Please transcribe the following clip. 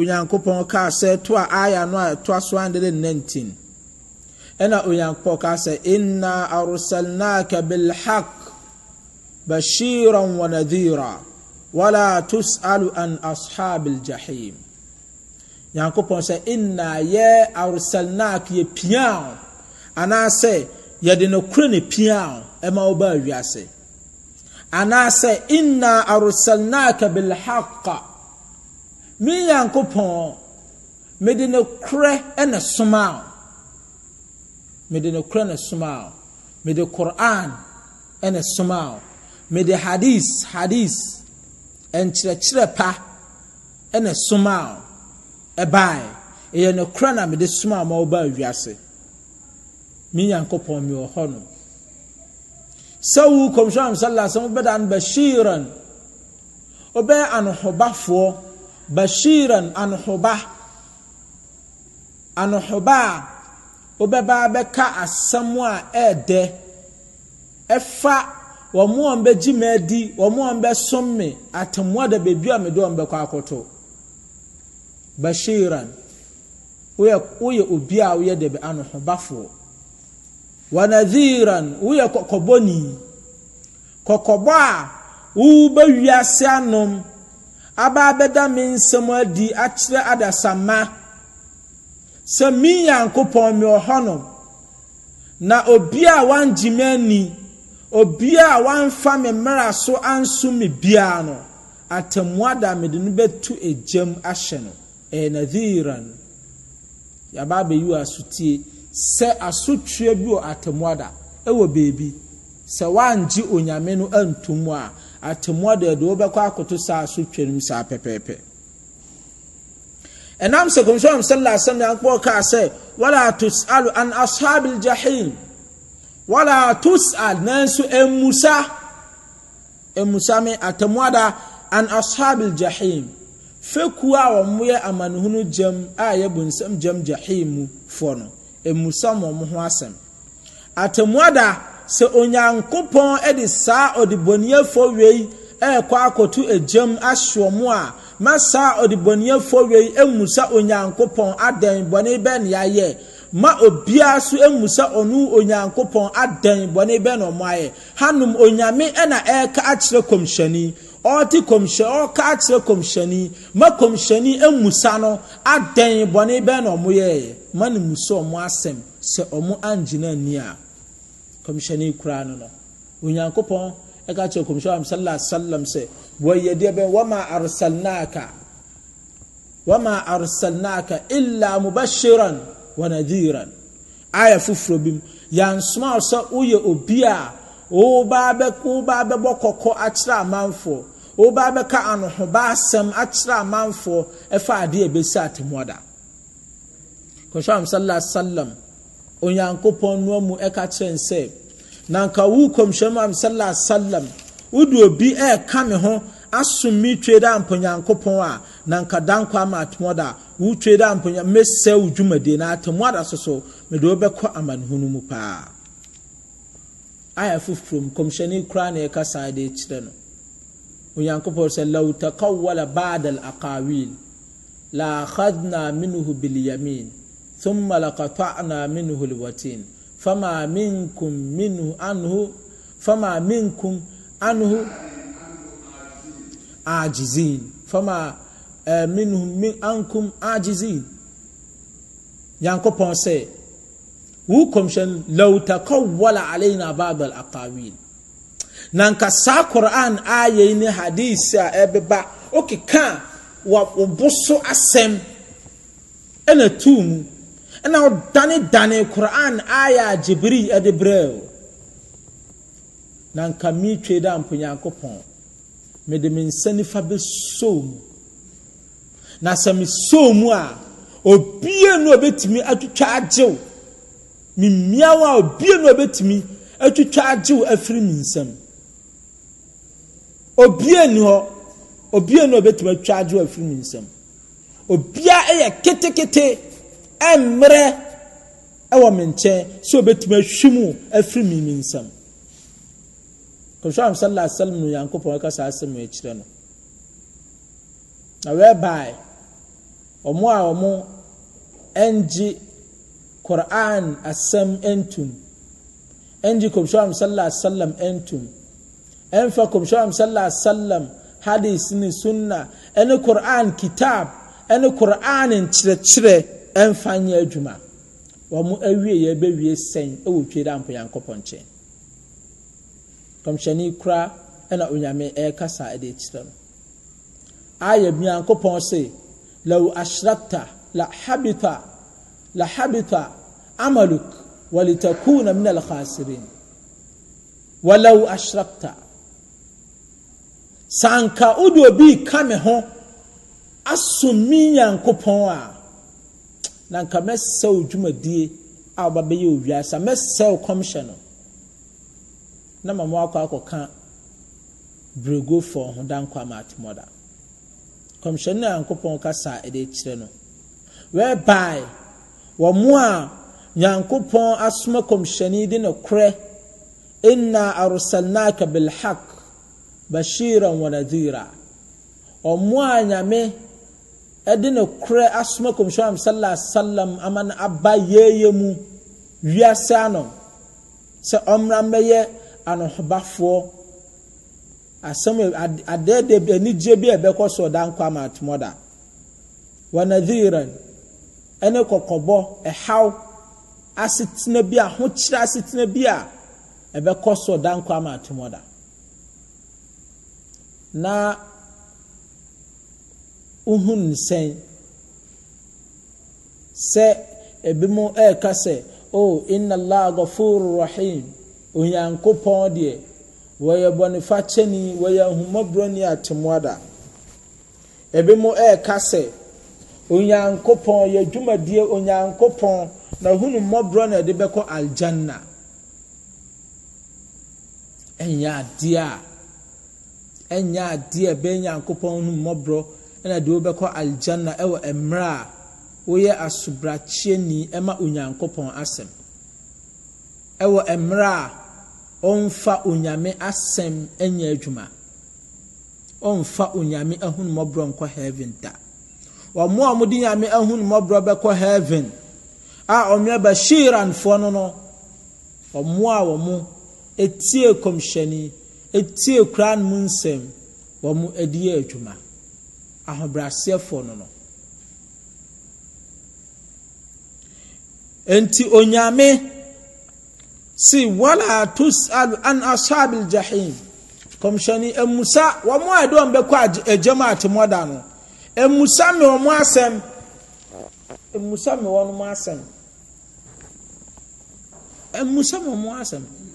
onyankopɔn kaa sɛ to a aya no a ɛtoa so 119 ɛna onyankopɔn kaa sɛ inna arsalnaka bilhaq bashiran wa nadhira wala tus'alu an ashabil jahim nyankopɔn sɛ inna yɛ arsalnaka yɛ piaw anaasɛ yɛde no kure ne piaw ɛma wobaa wiase anaasɛ inna arsalnaka bilhaqa me nyankopɔn mede ne korɛ ɛna soma o mede ne korɛ na soma o mede koran ɛna soma o mede hadis hadis nkyerɛkyerɛ pa ɛna soma o ɛbae ɛyɛ ne korɛ na mede soma o ma ɔbaa wiase me nyankopɔn me wɔ hɔ no sɛwo kɔmhyɛ am sala sɛ wobɛda no bashiran wobɛyɛ anohobafoɔ bashiran anhoba anhoba a wobɛba bɛka asɛm a ɛɛdɛ ɛfa wɔn a bɛgye me adi wɔn a bɛsom me atemua da beebi a mede wɔn bɛkɔ akoto bashiran woyɛ woyɛ obi a woyɛ dɛbi anhobafoɔ wanadhiran woyɛ kɔkɔbɔni kɔkɔbɔ a wobɛ wiase anom aba abɛda me nsɛm adi akyerɛ adasamma sɛ me nyankopɔn me wɔ na obi a wangye me ani obi a wamfa me mmara so anso me biara no atemua da mede no bɛtu egyam ahyɛ no ɛyɛ nadhiran yaba abɛyi wɔ asotie sɛ asotwe bi wɔ atemua da ɛwɔ beebi sɛ wangye onyame no antum a atemmuo deɛ de wobɛkɔ akoto saa so twam saa pɛpɛɛpɛ ɛnam sɛ kɔmhyɛm sala asɛm nyankopɔn kaa sɛ wala tusalu an ashabil jahim wala tusal nanso ɛmmusa ɛmmusa me atemmuo da an ashabil jahim fekuo a wɔyɛ amanehunu gyam a yɛ bonsam gyam jahim mu foɔ no ɛmmusa ma ɔmo ho asɛm atemmuo da sɛ onyankopɔn de saa ɔdebɔneyɛfoɔ wei ɛrekɔ akɔto agyam ahyew mu a ma saa ɔdebɔneyɛfoɔ wei emu sɛ onyankopɔn adɛn bɔne bɛ ne ayɛ ma obiara nso emu sɛ ɔno onyankopɔn adɛn bɔne bɛ na ɔmo ayɛ hanom onyame ɛna ɛreka akyerɛ kɔmhyɛni ɔte kɔmhyɛ ɔreka akyerɛ kɔmhyɛni ma kɔmhyɛni emu sa no adɛn bɔne bɛ na ɔmo yɛ ma ne mu sɛ ɔmo asɛm sɛ ɔmo angyina ni a. kɔmhyɛne kura no no onyankopɔn ɛka kyerɛ kɔmhyɛ am sala salam sɛ wɔyɛdeɛ bɛn wama arsalnaka wama arsalnaka illa mubashiran wa nadhiran aya foforɔ bi mu yɛnsoma wo sɛ woyɛ obi a woba bɛbɔ kɔkɔ akyerɛ amanfoɔ woba bɛka anohoba asɛm akyerɛ amanfoɔ ɛfa adeɛ ɛbɛsi atemmuada kɔmhyɛ am sala salam onyankopɔn noa mu ɛka kyerɛ n sɛ na nka wo kɔmhyɛm am sala salam wode obi ɛɛka me ho asom me twe da mponyankopɔn a na nka dankɔ ama atomɔda a wotwe da mponya mɛsɛ wo dwumadie na atemɔda so so mede wobɛkɔ amanehunu mu paa aya foforom kɔmhyɛne koraa na ɛka saa de kyerɛ no onyankopɔn sɛ law takawala bada al aqawil la akhadna minhu bilyamin ثم لقطعنا منه الوتين فما منكم منه عنه فما منكم عنه عاجزين فما آه، منهم من أنكم عاجزين يانكو بانسي وكمشن لو تقول علينا بعض الأقاويل نانكا سا قرآن آيين حديث أببا أوكي كان وبصو أسم أنا تومو ɛna ɔdanedane koran ayɛ a gyibiri ɛde brɛw na nka mitwe dɛ ampo nyankopɔn mede me nsa nifa bɛsoo mu na sɛ mesoo mu a obie no obɛtumi atwitwa agyew memiaw a obie no obɛtumi atwitwa agyew afiri me nsam obie ni hɔ obie no obɛtumi atwitwa agyew afiri me nsam obia yɛ ketekete ɛmmerɛ ɛwɔ me nkyɛn sɛ obɛtumi ahwi mu afiri me me nsam kɔhwɛ sala salam no nyankopɔn ɛka saa asɛm akyerɛ no na wɛbae ɔmo a ɔmo ɛngye koran asɛm ɛntum ɛngye kɔmhyɛ sala salam ɛntum ɛmfa kɔmhyɛ sala salam hadis ne sunna ɛne koran kitab ɛne koran nkyerɛkyerɛ ɛmfa nyɛ adwuma wɔn awie yɛ bɛwie sɛn ɛwɔ twe dɛ ampo yankɔpɔ nkyɛn kɔmhyɛni kura ɛna onyame ɛrekasa ɛde kyerɛ no ayɛ bi yankɔpɔn se law ashrakta la habita la habita amaluk walitakuna min alkhasirin walaw ashrakta sanka wode obi ka me ho asom mi a na nka mɛsɛ wo dwumadie a wɔba bɛyɛ wo wiase kɔmhyɛ no na ma mo akɔ akɔka bregofoɔ ho da nkɔ ama atemɔda kɔmhyɛ no nyankopɔn kasa ɛde kyerɛ no whereby wɔn mo a nyankopɔn asoma kɔmhyɛni de ne korɛ inna arsalnaka bilhaq bashiran wa nadhira wɔn a nyame ɛde ne korɛ asoma kɔmhyɛn sallallahu alaihi wasallam ama no aba yɛyɛ mu wiase ano sɛ ɔmmra mmɛyɛ anohobafoɔ asɛm adeɛdeɛ bi anigye bi a ɛbɛkɔ so ɔda nkɔ ama atomɔda wɔnadiran ɛne kɔkɔbɔ ɛhaw asetena bi a ahokyerɛ asetena bi a ɛbɛkɔ so ɔda nkɔ ama atomɔda na wohum sɛn sɛ ebi mu kase sɛ o inna allah gafuru rahim onyankopɔn deɛ wɔyɛ bɔnifakyɛni wɔyɛ ahomaborɔni atemuada ebi mu ɛɛka sɛ onyankopɔn yɛ dwumadie onyankopɔn na hunu mmɔborɔ na ɛde bɛkɔ aljanna ɛnyɛ adeɛ a ɛnyɛ adeɛ a bɛyɛ nyankopɔn hunu ɛna deɛ wobɛkɔ aljanna ɛwɔ mmerɛ a woyɛ asobrakyeɛni ɛma onyankopɔn asɛm ɛwɔ mmerɛ a ɔmfa onyame asɛm ɛnyɛ adwuma ɔmfa onyame ahunumɔborɔ nkɔ heaven da wɔn a wɔde nyame ahunumɔborɔ bɛkɔ heaven a ɔnyɛ bashiranfoɔ no no wɔn a wɔn etie kɔmhyɛni etie kura no mu nsɛm wɔn adi yɛ adwuma ahobrɛaseɛfoɔ no no enti onyame si wala tus'al an ashabil jahim kɔmhyɛne amusa wɔn a ɛde wɔn bɛkɔ agyam atemɔda no amusa mi wɔn asɛm amusa mi wɔn asɛm amusa mi wɔn asɛm